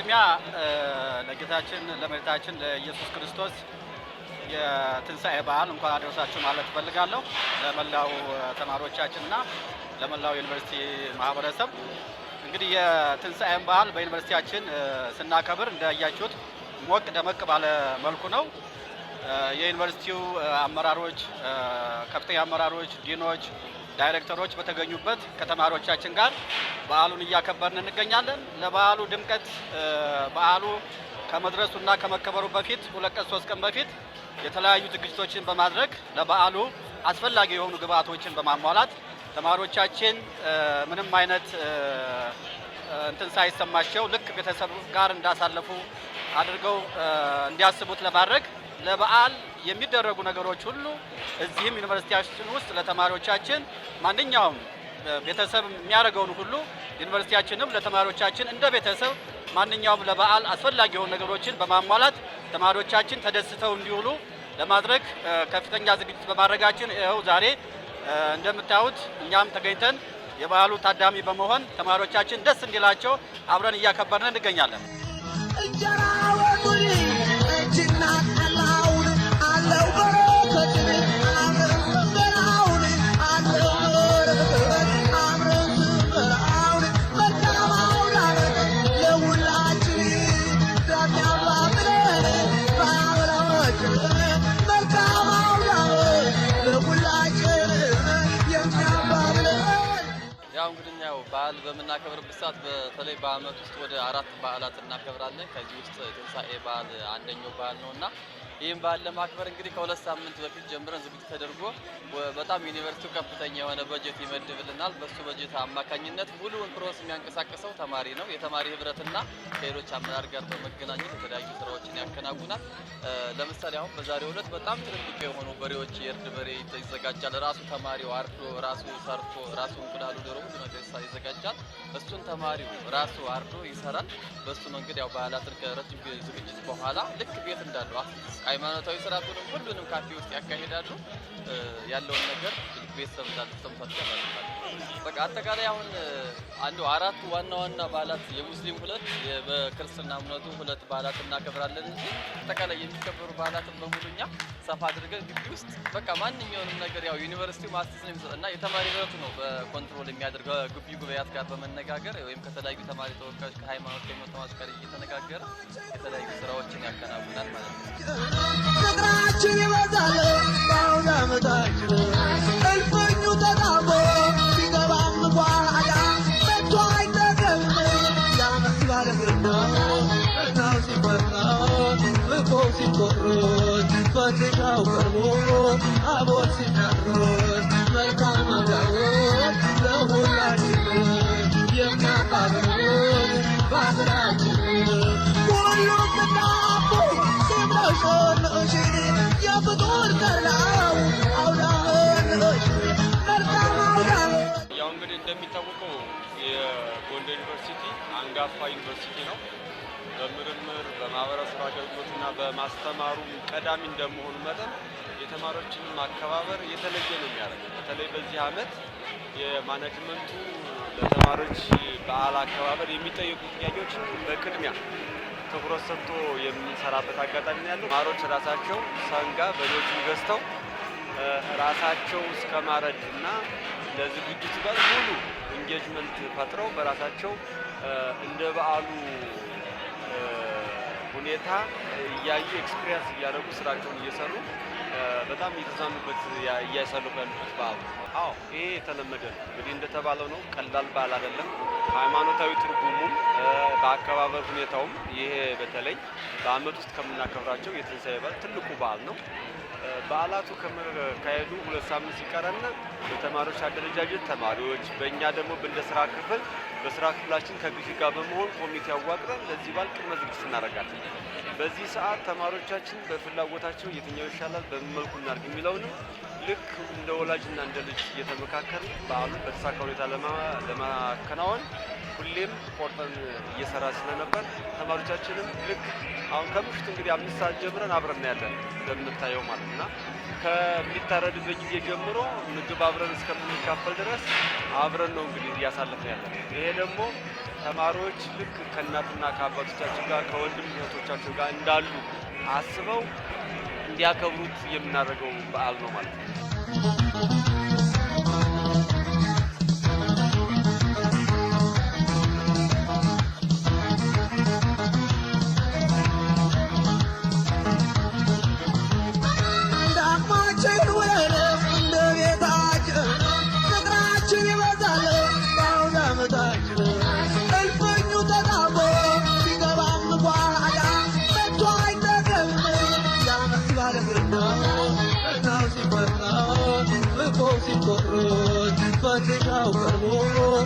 በቅድሚያ ለጌታችን ለመሬታችን ለኢየሱስ ክርስቶስ የትንሣኤ በዓል እንኳን አደረሳችሁ ማለት እፈልጋለሁ። ለመላው ተማሪዎቻችንና ለመላው ዩኒቨርሲቲ ማህበረሰብ እንግዲህ የትንሣኤን በዓል በዩኒቨርሲቲያችን ስናከብር እንዳያችሁት ሞቅ ደመቅ ባለ መልኩ ነው። የዩኒቨርሲቲው አመራሮች፣ ከፍተኛ አመራሮች፣ ዲኖች፣ ዳይሬክተሮች በተገኙበት ከተማሪዎቻችን ጋር በዓሉን እያከበርን እንገኛለን። ለበዓሉ ድምቀት በዓሉ ከመድረሱና ከመከበሩ በፊት ሁለት ቀን ሶስት ቀን በፊት የተለያዩ ዝግጅቶችን በማድረግ ለበዓሉ አስፈላጊ የሆኑ ግብዓቶችን በማሟላት ተማሪዎቻችን ምንም አይነት እንትን ሳይሰማቸው ልክ ቤተሰብ ጋር እንዳሳለፉ አድርገው እንዲያስቡት ለማድረግ ለበዓል የሚደረጉ ነገሮች ሁሉ እዚህም ዩኒቨርሲቲያችን ውስጥ ለተማሪዎቻችን ማንኛውም ቤተሰብ የሚያደርገውን ሁሉ ዩኒቨርሲቲያችንም ለተማሪዎቻችን እንደ ቤተሰብ ማንኛውም ለበዓል አስፈላጊ የሆኑ ነገሮችን በማሟላት ተማሪዎቻችን ተደስተው እንዲውሉ ለማድረግ ከፍተኛ ዝግጅት በማድረጋችን ይኸው ዛሬ እንደምታዩት እኛም ተገኝተን የበዓሉ ታዳሚ በመሆን ተማሪዎቻችን ደስ እንዲላቸው አብረን እያከበርን እንገኛለን። በምናከብርበት ሰዓት በተለይ በአመት ውስጥ ወደ አራት በዓላት እናከብራለን። ከዚህ ውስጥ ትንሳኤ በዓል አንደኛው በዓል ነው እና ይህም በዓል ለማክበር እንግዲህ ከሁለት ሳምንት በፊት ጀምረን ዝግጅት ተደርጎ በጣም ዩኒቨርሲቲው ከፍተኛ የሆነ በጀት ይመድብልናል። በሱ በጀት አማካኝነት ሙሉውን ፕሮስ የሚያንቀሳቀሰው ተማሪ ነው። የተማሪ ህብረትና ከሌሎች አመራር ጋር በመገናኘት የተለያዩ ስራዎችን ያከናውናል። ለምሳሌ አሁን በዛሬው ዕለት በጣም ትልልቅ የሆኑ በሬዎች የእርድ በሬ ይዘጋጃል። ራሱ ተማሪው አርዶ ራሱ ሰርቶ ራሱ እንቁላሉ፣ ዶሮ፣ ሁሉ ነገር ይዘጋጃል። እሱን ተማሪው ራሱ አርዶ ይሰራል። በሱ መንገድ ያው በዓላትን ከረጅም ዝግጅት በኋላ ልክ ቤት እንዳለው ሃይማኖታዊ ስርዓቱንም ሁሉንም ካፌ ውስጥ ያካሄዳሉ። ያለውን ነገር ቤተሰብ እንዳለ ማለት ነው። በቃ አጠቃላይ አሁን አንዱ አራት ዋና ዋና በዓላት የሙስሊም ሁለት በክርስትና እምነቱ ሁለት በዓላት እናከብራለን እንጂ አጠቃላይ የሚከበሩ በዓላትን በሙሉ እኛ ሰፋ አድርገን ግቢ ውስጥ በቃ ማንኛውንም ነገር ያው ዩኒቨርሲቲ ማስተስ ነው የሚሰጥ እና የተማሪ ህብረቱ ነው በኮንትሮል የሚያደርገው ግቢ ጉባኤያት ጋር በመነጋገር ወይም ከተለያዩ ተማሪ ተወካዮች ከሃይማኖት ከሚወት ተማሪዎች ጋር እየተነጋገረ የተለያዩ ስራዎችን ያከናውናል ማለት ነው። መጥሻው ያው እንግዲህ እንደሚታወቀው የጎንደር ዩኒቨርሲቲ አንጋፋ ዩኒቨርሲቲ ነው። በማስተማሩም ቀዳሚ እንደመሆኑ መጠን የተማሪዎችንም ማከባበር የተለየ ነው የሚያደርገው። በተለይ በዚህ አመት የማናጅመንቱ ለተማሪዎች በዓል አከባበር የሚጠየቁ ጥያቄዎችን በቅድሚያ ትኩረት ሰጥቶ የምንሰራበት አጋጣሚ ነው ያለው። ተማሪዎች ራሳቸው ሰንጋ በሬዎችን ገዝተው ራሳቸው እስከ ማረድ እና ለዝግጅቱ ጋር ሙሉ ኢንጌጅመንት ፈጥረው በራሳቸው እንደ በዓሉ ሁኔታ እያዩ ኤክስፒሪየንስ እያደረጉ ስራቸውን እየሰሩ በጣም እየተዝናኑበት እያሳለፉ ያሉበት በዓል አዎ ይሄ የተለመደ ነው። እንግዲህ እንደተባለው ነው፣ ቀላል በዓል አይደለም። ሃይማኖታዊ ትርጉሙም በአከባበር ሁኔታውም ይሄ በተለይ በአመት ውስጥ ከምናከብራቸው የትንሣኤ በዓል ትልቁ በዓል ነው። በዓላቱ ከመካሄዱ ሁለት ሳምንት ሲቀረን በተማሪዎች አደረጃጀት ተማሪዎች፣ በእኛ ደግሞ እንደ ስራ ክፍል በስራ ክፍላችን ከግዢ ጋር በመሆን ኮሚቴ አዋቅረን ለዚህ በዓል ቅድመ ዝግጅት እናደርጋለን። በዚህ ሰዓት ተማሪዎቻችን በፍላጎታቸው የትኛው ይሻላል፣ በምን መልኩ እናድርግ የሚለውንም ልክ እንደ ወላጅና እንደ ልጅ እየተመካከልን በዓሉን በተሳካ ሁኔታ ለማከናወን ሁሌም ቆርጠን እየሰራ ስለነበር ተማሪዎቻችንም ልክ አሁን ከምሽቱ እንግዲህ አምስት ሰዓት ጀምረን አብረን ያለን እንደምታየው ማለት ና ከሚታረድበት ጊዜ ጀምሮ ምግብ አብረን እስከምንካፈል ድረስ አብረን ነው እንግዲህ እያሳለፈ ያለን። ይሄ ደግሞ ተማሪዎች ልክ ከእናትና ከአባቶቻችን ጋር ከወንድም እህቶቻቸው ጋር እንዳሉ አስበው እንዲያከብሩት የምናደርገው በዓል ነው ማለት ነው።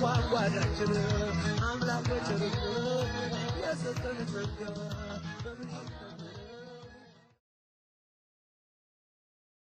ጓጓዳችን አምላክ የሰጠን ጸጋ